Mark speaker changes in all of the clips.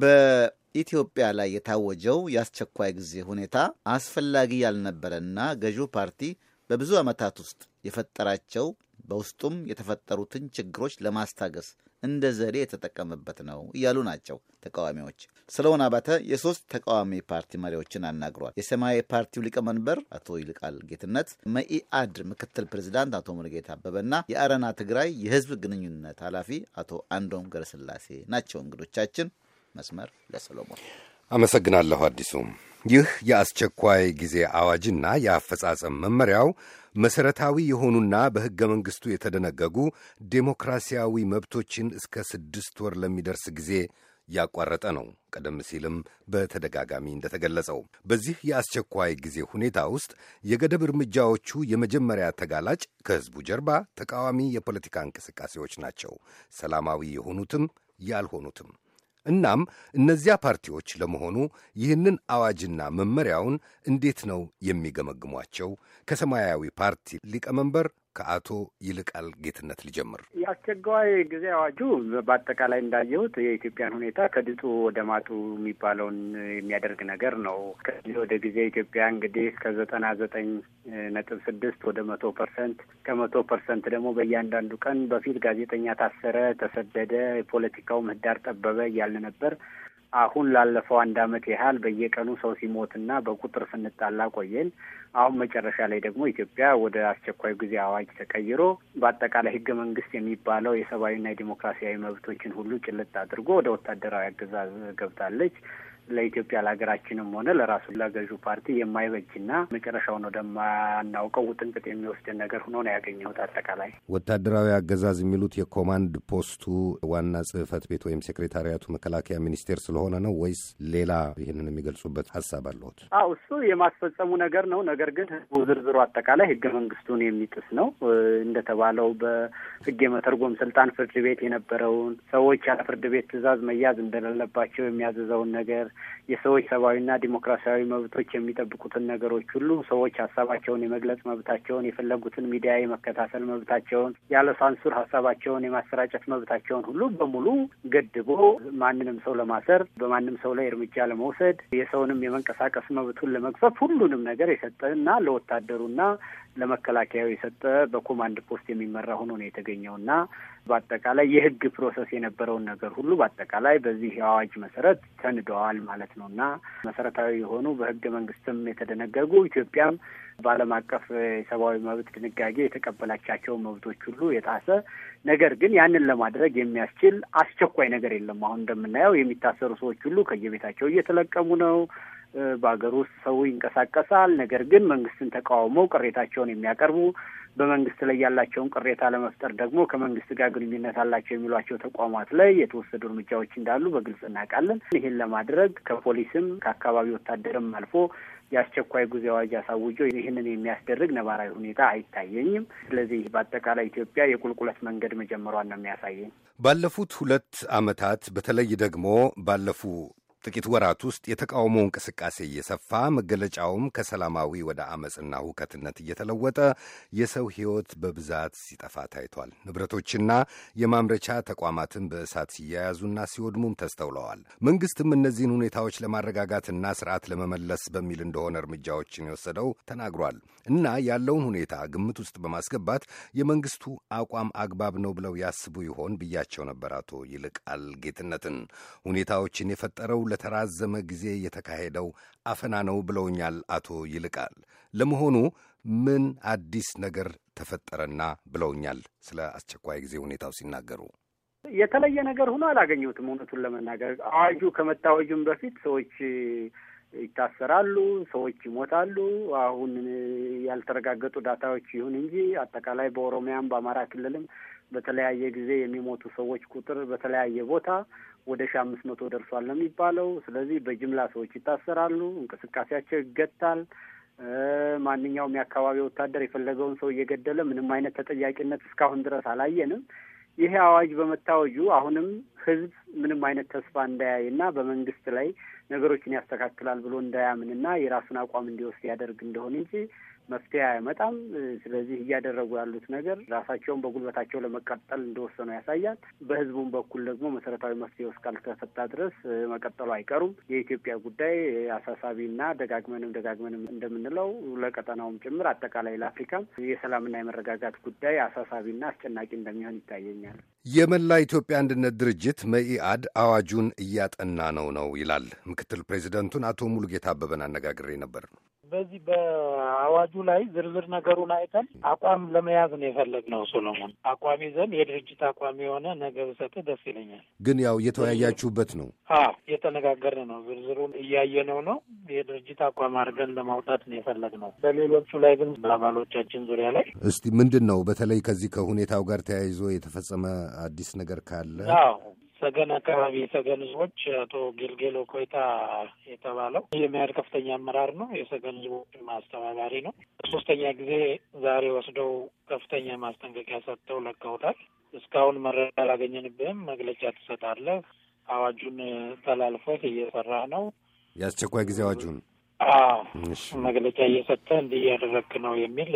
Speaker 1: በኢትዮጵያ ላይ የታወጀው የአስቸኳይ ጊዜ ሁኔታ አስፈላጊ ያልነበረና ገዢው ፓርቲ በብዙ ዓመታት ውስጥ የፈጠራቸው በውስጡም የተፈጠሩትን ችግሮች ለማስታገስ እንደ ዘዴ የተጠቀመበት ነው እያሉ ናቸው ተቃዋሚዎች። ስለሆነ አባተ የሶስት ተቃዋሚ ፓርቲ መሪዎችን አናግሯል። የሰማያዊ ፓርቲው ሊቀመንበር አቶ ይልቃል ጌትነት፣ መኢአድ ምክትል ፕሬዚዳንት አቶ ሙሉጌታ አበበና የአረና ትግራይ የህዝብ ግንኙነት ኃላፊ አቶ አንዶም ገረስላሴ ናቸው እንግዶቻችን። መስመር ለሰሎሞን
Speaker 2: አመሰግናለሁ አዲሱ ይህ የአስቸኳይ ጊዜ አዋጅና የአፈጻጸም መመሪያው መሠረታዊ የሆኑና በሕገ መንግሥቱ የተደነገጉ ዴሞክራሲያዊ መብቶችን እስከ ስድስት ወር ለሚደርስ ጊዜ ያቋረጠ ነው። ቀደም ሲልም በተደጋጋሚ እንደተገለጸው በዚህ የአስቸኳይ ጊዜ ሁኔታ ውስጥ የገደብ እርምጃዎቹ የመጀመሪያ ተጋላጭ ከሕዝቡ ጀርባ ተቃዋሚ የፖለቲካ እንቅስቃሴዎች ናቸው፣ ሰላማዊ የሆኑትም ያልሆኑትም። እናም እነዚያ ፓርቲዎች ለመሆኑ ይህንን አዋጅና መመሪያውን እንዴት ነው የሚገመግሟቸው? ከሰማያዊ ፓርቲ ሊቀመንበር ከአቶ ይልቃል ጌትነት ልጀምር።
Speaker 3: የአስቸኳይ ጊዜ አዋጁ በአጠቃላይ እንዳየሁት የኢትዮጵያን ሁኔታ ከድጡ ወደ ማጡ የሚባለውን የሚያደርግ ነገር ነው። ከዚህ ወደ ጊዜ ኢትዮጵያ እንግዲህ ከዘጠና ዘጠኝ ነጥብ ስድስት ወደ መቶ ፐርሰንት ከመቶ ፐርሰንት ደግሞ በእያንዳንዱ ቀን በፊት ጋዜጠኛ ታሰረ፣ ተሰደደ፣ የፖለቲካው ምህዳር ጠበበ እያልን ነበር። አሁን ላለፈው አንድ አመት ያህል በየቀኑ ሰው ሲሞትና በቁጥር ስንጣላ ቆየን። አሁን መጨረሻ ላይ ደግሞ ኢትዮጵያ ወደ አስቸኳይ ጊዜ አዋጅ ተቀይሮ በአጠቃላይ ህገ መንግስት የሚባለው የሰብአዊና የዲሞክራሲያዊ መብቶችን ሁሉ ጭልጥ አድርጎ ወደ ወታደራዊ አገዛዝ ገብታለች። ለኢትዮጵያ ለሀገራችንም ሆነ ለራሱ ለገዢው ፓርቲ የማይበጅና መጨረሻውን ወደማናውቀው ውጥንቅጥ የሚወስድን ነገር ሆኖ ነው ያገኘሁት። አጠቃላይ
Speaker 2: ወታደራዊ አገዛዝ የሚሉት የኮማንድ ፖስቱ ዋና ጽህፈት ቤት ወይም ሴክሬታሪያቱ መከላከያ ሚኒስቴር ስለሆነ ነው ወይስ ሌላ ይህንን የሚገልጹበት ሀሳብ አለሁት?
Speaker 3: አዎ እሱ የማስፈጸሙ ነገር ነው። ነገር ግን ህዝቡ ዝርዝሩ አጠቃላይ ህገ መንግስቱን የሚጥስ ነው። እንደተባለው በህግ የመተርጎም ስልጣን ፍርድ ቤት የነበረውን ሰዎች ያለ ፍርድ ቤት ትእዛዝ መያዝ እንደሌለባቸው የሚያዘዘውን ነገር የሰዎች ሰብአዊና ዲሞክራሲያዊ መብቶች የሚጠብቁትን ነገሮች ሁሉ ሰዎች ሀሳባቸውን የመግለጽ መብታቸውን፣ የፈለጉትን ሚዲያ የመከታተል መብታቸውን፣ ያለ ሳንሱር ሀሳባቸውን የማሰራጨት መብታቸውን ሁሉ በሙሉ ገድቦ ማንንም ሰው ለማሰር በማንም ሰው ላይ እርምጃ ለመውሰድ የሰውንም የመንቀሳቀስ መብቱን ለመግፈፍ ሁሉንም ነገር የሰጠና ለወታደሩና ለመከላከያው የሰጠ በኮማንድ ፖስት የሚመራ ሆኖ ነው የተገኘው እና በአጠቃላይ የህግ ፕሮሰስ የነበረውን ነገር ሁሉ በአጠቃላይ በዚህ የአዋጅ መሰረት ተንደዋል ማለት ነው እና መሰረታዊ የሆኑ በህገ መንግስትም የተደነገጉ ኢትዮጵያም በዓለም አቀፍ የሰብአዊ መብት ድንጋጌ የተቀበላቻቸው መብቶች ሁሉ የጣሰ ነገር ግን ያንን ለማድረግ የሚያስችል አስቸኳይ ነገር የለም። አሁን እንደምናየው የሚታሰሩ ሰዎች ሁሉ ከየቤታቸው እየተለቀሙ ነው። በሀገር ውስጥ ሰው ይንቀሳቀሳል። ነገር ግን መንግስትን ተቃውመው ቅሬታቸውን የሚያቀርቡ በመንግስት ላይ ያላቸውን ቅሬታ ለመፍጠር ደግሞ ከመንግስት ጋር ግንኙነት አላቸው የሚሏቸው ተቋማት ላይ የተወሰዱ እርምጃዎች እንዳሉ በግልጽ እናውቃለን። ይህን ለማድረግ ከፖሊስም ከአካባቢ ወታደርም አልፎ የአስቸኳይ ጊዜ አዋጅ አሳውጆ ይህንን የሚያስደርግ ነባራዊ ሁኔታ አይታየኝም። ስለዚህ በአጠቃላይ ኢትዮጵያ የቁልቁለት መንገድ መጀመሯን ነው የሚያሳየኝ።
Speaker 2: ባለፉት ሁለት ዓመታት በተለይ ደግሞ ባለፉ ጥቂት ወራት ውስጥ የተቃውሞ እንቅስቃሴ እየሰፋ መገለጫውም ከሰላማዊ ወደ አመፅና ሁከትነት እየተለወጠ የሰው ሕይወት በብዛት ሲጠፋ ታይቷል። ንብረቶችና የማምረቻ ተቋማትን በእሳት ሲያያዙና ሲወድሙም ተስተውለዋል። መንግስትም እነዚህን ሁኔታዎች ለማረጋጋትና ስርዓት ለመመለስ በሚል እንደሆነ እርምጃዎችን የወሰደው ተናግሯል እና ያለውን ሁኔታ ግምት ውስጥ በማስገባት የመንግስቱ አቋም አግባብ ነው ብለው ያስቡ ይሆን ብያቸው ነበር አቶ ይልቃል ጌትነትን ሁኔታዎችን የፈጠረው ለተራዘመ ጊዜ የተካሄደው አፈና ነው ብለውኛል አቶ ይልቃል። ለመሆኑ ምን አዲስ ነገር ተፈጠረና ብለውኛል? ስለ አስቸኳይ ጊዜ ሁኔታው ሲናገሩ
Speaker 3: የተለየ ነገር ሆኖ አላገኘሁትም። እውነቱን ለመናገር አዋጁ ከመታወጁም በፊት ሰዎች ይታሰራሉ፣ ሰዎች ይሞታሉ። አሁን ያልተረጋገጡ ዳታዎች ይሁን እንጂ አጠቃላይ በኦሮሚያም በአማራ ክልልም በተለያየ ጊዜ የሚሞቱ ሰዎች ቁጥር በተለያየ ቦታ ወደ ሺ አምስት መቶ ደርሷል ነው የሚባለው። ስለዚህ በጅምላ ሰዎች ይታሰራሉ፣ እንቅስቃሴያቸው ይገታል። ማንኛውም የአካባቢ ወታደር የፈለገውን ሰው እየገደለ ምንም አይነት ተጠያቂነት እስካሁን ድረስ አላየንም። ይሄ አዋጅ በመታወጁ አሁንም ህዝብ ምንም አይነት ተስፋ እንዳያይ በመንግስት ላይ ነገሮችን ያስተካክላል ብሎ እንዳያምን የራሱን አቋም እንዲወስድ ያደርግ እንደሆነ እንጂ መፍትሄ አያመጣም። ስለዚህ እያደረጉ ያሉት ነገር ራሳቸውን በጉልበታቸው ለመቀጠል እንደወሰኑ ያሳያል። በህዝቡም በኩል ደግሞ መሰረታዊ መፍትሄ እስካልተፈታ ድረስ መቀጠሉ አይቀሩም። የኢትዮጵያ ጉዳይ አሳሳቢና ደጋግመንም ደጋግመንም እንደምንለው ለቀጠናውም ጭምር አጠቃላይ ለአፍሪካም የሰላምና የመረጋጋት ጉዳይ አሳሳቢና አስጨናቂ እንደሚሆን ይታየኛል።
Speaker 2: የመላ ኢትዮጵያ አንድነት ድርጅት መኢአድ አዋጁን እያጠና ነው ነው ይላል። ምክትል ፕሬዚደንቱን አቶ ሙሉጌታ አበበን አነጋግሬ ነበር።
Speaker 1: በዚህ በአዋጁ ላይ ዝርዝር ነገሩን አይተን አቋም ለመያዝ ነው የፈለግነው። ሶሎሞን አቋም ይዘን የድርጅት አቋም የሆነ ነገ ብሰጥህ ደስ ይለኛል።
Speaker 2: ግን ያው እየተወያያችሁበት ነው?
Speaker 1: አዎ እየተነጋገርን ነው። ዝርዝሩን እያየነው ነው። የድርጅት አቋም አድርገን ለማውጣት ነው የፈለግነው። በሌሎቹ ላይ ግን በአባሎቻችን ዙሪያ ላይ
Speaker 2: እስቲ ምንድን ነው በተለይ ከዚህ ከሁኔታው ጋር ተያይዞ የተፈጸመ አዲስ ነገር ካለ
Speaker 1: ሰገን አካባቢ የሰገን ህዝቦች አቶ ጌልጌሎ ኮይታ የተባለው የሚያድ ከፍተኛ አመራር ነው። የሰገን ህዝቦች ማስተባባሪ ነው። ሶስተኛ ጊዜ ዛሬ ወስደው ከፍተኛ ማስጠንቀቂያ ሰጥተው ለቀውታል። እስካሁን መረጃ አላገኘንብህም፣ መግለጫ ትሰጣለህ፣ አዋጁን ተላልፎት እየሰራህ ነው፣
Speaker 2: የአስቸኳይ ጊዜ አዋጁን መግለጫ እየሰጠ
Speaker 1: እንዲህ እያደረግክ ነው የሚል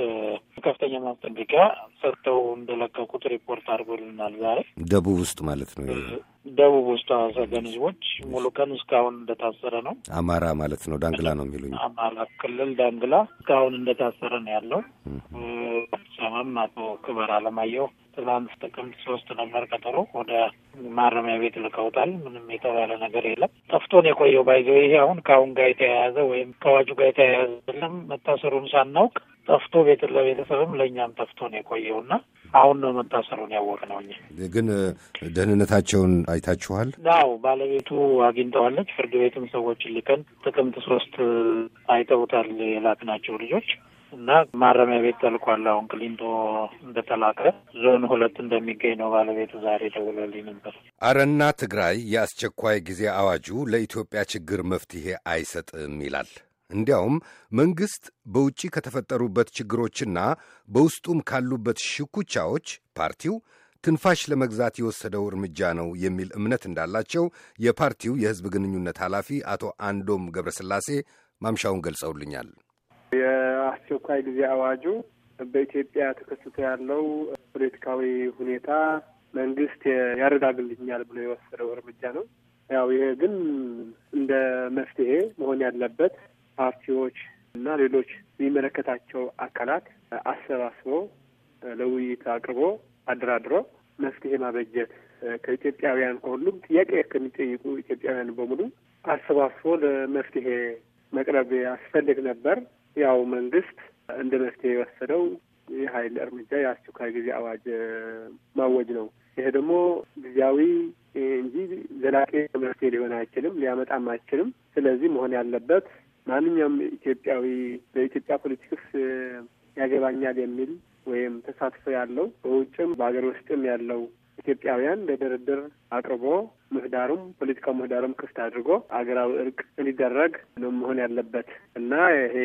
Speaker 1: ከፍተኛ ማስጠንቀቂያ ሰጥተው እንደለቀቁት ሪፖርት አድርጎልናል። ዛሬ
Speaker 2: ደቡብ ውስጥ ማለት ነው
Speaker 1: ደቡብ ውስጥ ሐዋሳ ህዝቦች ሙሉ ቀን እስካሁን እንደታሰረ ነው።
Speaker 2: አማራ ማለት ነው። ዳንግላ ነው የሚሉኝ። አማራ
Speaker 1: ክልል ዳንግላ እስካሁን እንደታሰረ ነው ያለው። ሰማም አቶ ክበር አለማየሁ ትናንት ጥቅምት ሶስት ነበር ቀጠሮ። ወደ ማረሚያ ቤት ልከውታል። ምንም የተባለ ነገር የለም። ጠፍቶን የቆየው ባይዘው ይሄ አሁን ከአሁን ጋር የተያያዘ ወይም ከአዋጁ ጋር የተያያዘ የለም። መታሰሩን ሳናውቅ ጠፍቶ ለቤተሰብም ለእኛም ጠፍቶ ነው እና አሁን ነው መታሰሩን ነው። እኛ
Speaker 2: ግን ደህንነታቸውን አይታችኋል?
Speaker 1: አዎ ባለቤቱ አግኝተዋለች። ፍርድ ቤትም ሰዎች ልከን ጥቅምት ሶስት አይተውታል የላክናቸው ልጆች እና ማረሚያ ቤት ተልኳል። አሁን ክሊንቶ እንደተላከ ዞን ሁለት እንደሚገኝ ነው ባለቤቱ ዛሬ ደውሎልኝ ነበር።
Speaker 2: አረና ትግራይ የአስቸኳይ ጊዜ አዋጁ ለኢትዮጵያ ችግር መፍትሄ አይሰጥም ይላል። እንዲያውም መንግሥት በውጪ ከተፈጠሩበት ችግሮችና በውስጡም ካሉበት ሽኩቻዎች ፓርቲው ትንፋሽ ለመግዛት የወሰደው እርምጃ ነው የሚል እምነት እንዳላቸው የፓርቲው የሕዝብ ግንኙነት ኃላፊ አቶ አንዶም ገብረስላሴ ማምሻውን ገልጸውልኛል።
Speaker 4: የአስቸኳይ ጊዜ አዋጁ በኢትዮጵያ ተከስቶ ያለው ፖለቲካዊ ሁኔታ መንግስት ያረጋግልኛል ብሎ የወሰደው እርምጃ ነው። ያው ይሄ ግን እንደ መፍትሄ መሆን ያለበት ፓርቲዎች እና ሌሎች የሚመለከታቸው አካላት አሰባስቦ ለውይይት አቅርቦ አደራድሮ መፍትሄ ማበጀት ከኢትዮጵያውያን ከሁሉም ጥያቄ ከሚጠይቁ ኢትዮጵያውያን በሙሉ አሰባስቦ ለመፍትሄ መቅረብ ያስፈልግ ነበር። ያው መንግስት እንደ መፍትሄ የወሰደው የኃይል እርምጃ የአስቸኳይ ጊዜ አዋጅ ማወጅ ነው። ይሄ ደግሞ ጊዜያዊ እንጂ ዘላቂ መፍትሄ ሊሆን አይችልም፣ ሊያመጣም አይችልም። ስለዚህ መሆን ያለበት ማንኛውም ኢትዮጵያዊ በኢትዮጵያ ፖለቲክስ ያገባኛል የሚል ወይም ተሳትፎ ያለው በውጭም በሀገር ውስጥም ያለው ኢትዮጵያውያን ለድርድር አቅርቦ ምህዳሩም ፖለቲካው ምህዳሩም ክፍት አድርጎ አገራዊ እርቅ እንዲደረግ ነው መሆን ያለበት እና ይሄ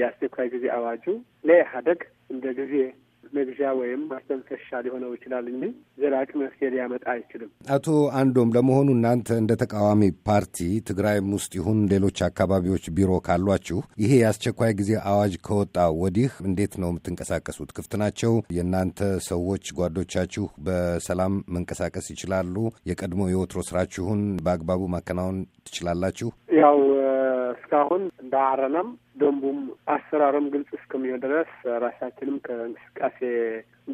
Speaker 4: የአስቸኳይ ጊዜ አዋጁ ለኢህአደግ እንደ ጊዜ መግዣ ወይም ማስተንፈሻ ሊሆነው ይችላል እንጂ ዘላቂ መፍትሄ ሊያመጣ አይችልም።
Speaker 2: አቶ አንዶም፣ ለመሆኑ እናንተ እንደ ተቃዋሚ ፓርቲ ትግራይም ውስጥ ይሁን ሌሎች አካባቢዎች ቢሮ ካሏችሁ ይሄ የአስቸኳይ ጊዜ አዋጅ ከወጣ ወዲህ እንዴት ነው የምትንቀሳቀሱት? ክፍት ናቸው? የእናንተ ሰዎች ጓዶቻችሁ በሰላም መንቀሳቀስ ይችላሉ? የቀድሞ የወትሮ ስራችሁን በአግባቡ ማከናወን ትችላላችሁ?
Speaker 4: ያው እስካሁን እንደ አረናም ደንቡም አሰራርም ግልጽ እስከሚሆን ድረስ ራሳችንም ከእንቅስቃሴ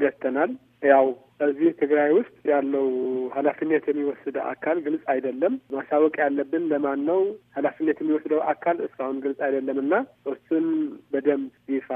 Speaker 4: ገተናል። ያው እዚህ ትግራይ ውስጥ ያለው ኃላፊነት የሚወስድ አካል ግልጽ አይደለም። ማሳወቅ ያለብን ለማን ነው? ኃላፊነት የሚወስደው አካል እስካሁን ግልጽ አይደለም እና እሱን በደንብ ይፋ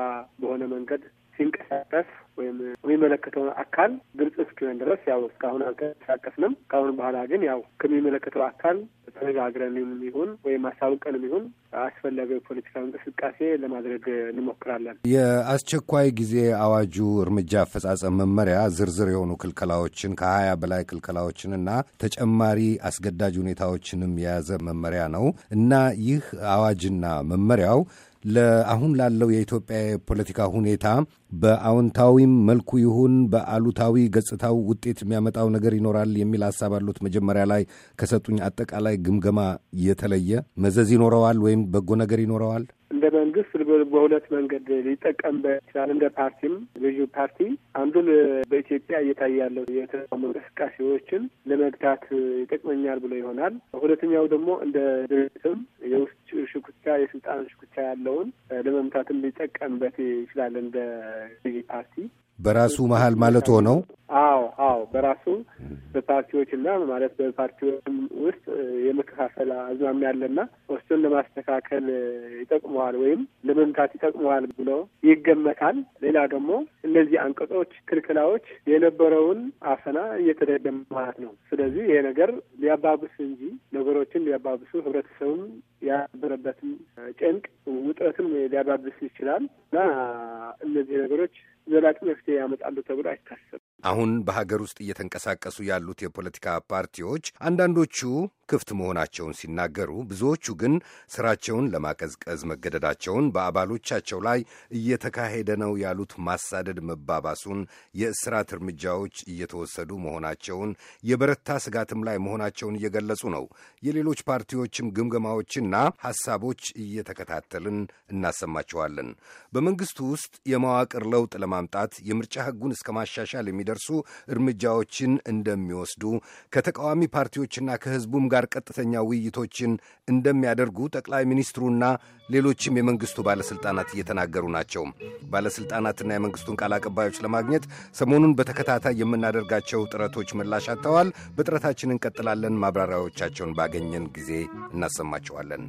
Speaker 4: በሆነ መንገድ ሲንቀሳቀስ ወይም የሚመለከተውን አካል ግልጽ እስኪሆን ድረስ ያው እስካሁን አልተንቀሳቀስንም። ከአሁን በኋላ ግን ያው ከሚመለከተው አካል ተነጋግረን ይሁን ወይም አሳውቀንም ይሁን አስፈላጊው የፖለቲካ እንቅስቃሴ ለማድረግ እንሞክራለን።
Speaker 2: የአስቸኳይ ጊዜ አዋጁ እርምጃ አፈጻጸም መመሪያ ዝርዝር የሆኑ ክልከላዎችን ከሀያ በላይ ክልከላዎችን እና ተጨማሪ አስገዳጅ ሁኔታዎችንም የያዘ መመሪያ ነው እና ይህ አዋጅና መመሪያው ለአሁን ላለው የኢትዮጵያ የፖለቲካ ሁኔታ በአዎንታዊም መልኩ ይሁን በአሉታዊ ገጽታው ውጤት የሚያመጣው ነገር ይኖራል የሚል ሀሳብ አሉት። መጀመሪያ ላይ ከሰጡኝ አጠቃላይ ግምገማ የተለየ መዘዝ ይኖረዋል ወይም በጎ ነገር ይኖረዋል?
Speaker 4: መንግስት በሁለት መንገድ ሊጠቀምበት ይችላል። እንደ ፓርቲም ልዩ ፓርቲ አንዱን በኢትዮጵያ እየታየ ያለው የተቃውሞ እንቅስቃሴዎችን ለመግታት ይጠቅመኛል ብሎ ይሆናል። ሁለተኛው ደግሞ እንደ ድርጅትም የውስጥ ሽኩቻ፣ የስልጣን ሽኩቻ ያለውን ለመምታትም ሊጠቀምበት ይችላል እንደ ልዩ ፓርቲ
Speaker 2: በራሱ መሀል ማለት ሆነው።
Speaker 4: አዎ በራሱ በፓርቲዎችና ማለት በፓርቲዎችም ውስጥ የመከፋፈል አዝማሚያ ያለና እሱን ለማስተካከል ይጠቅመዋል ወይም ለመምታት ይጠቅመዋል ብሎ ይገመታል። ሌላ ደግሞ እነዚህ አንቀጾች፣ ክልክላዎች የነበረውን አፈና እየተደገመ ማለት ነው። ስለዚህ ይሄ ነገር ሊያባብስ እንጂ ነገሮችን ሊያባብሱ ህብረተሰቡም ያበረበትን ጭንቅ ውጥረትን ሊያባብስ ይችላል እና እነዚህ ነገሮች ዘላቂ መፍትሄ ያመጣሉ ተብሎ አይታሰብም።
Speaker 2: አሁን በሀገር ውስጥ እየተንቀሳቀሱ ያሉት የፖለቲካ ፓርቲዎች አንዳንዶቹ ክፍት መሆናቸውን ሲናገሩ፣ ብዙዎቹ ግን ስራቸውን ለማቀዝቀዝ መገደዳቸውን፣ በአባሎቻቸው ላይ እየተካሄደ ነው ያሉት ማሳደድ መባባሱን፣ የእስራት እርምጃዎች እየተወሰዱ መሆናቸውን፣ የበረታ ስጋትም ላይ መሆናቸውን እየገለጹ ነው። የሌሎች ፓርቲዎችም ግምገማዎችና ሐሳቦች እየተከታተልን እናሰማቸዋለን። በመንግሥቱ ውስጥ የመዋቅር ለውጥ ለማምጣት የምርጫ ሕጉን እስከ ማሻሻል የሚ የሚደርሱ እርምጃዎችን እንደሚወስዱ ከተቃዋሚ ፓርቲዎችና ከሕዝቡም ጋር ቀጥተኛ ውይይቶችን እንደሚያደርጉ ጠቅላይ ሚኒስትሩና ሌሎችም የመንግሥቱ ባለሥልጣናት እየተናገሩ ናቸው። ባለሥልጣናትና የመንግሥቱን ቃል አቀባዮች ለማግኘት ሰሞኑን በተከታታይ የምናደርጋቸው ጥረቶች ምላሽ አጥተዋል። በጥረታችን እንቀጥላለን። ማብራሪያዎቻቸውን ባገኘን ጊዜ እናሰማችኋለን።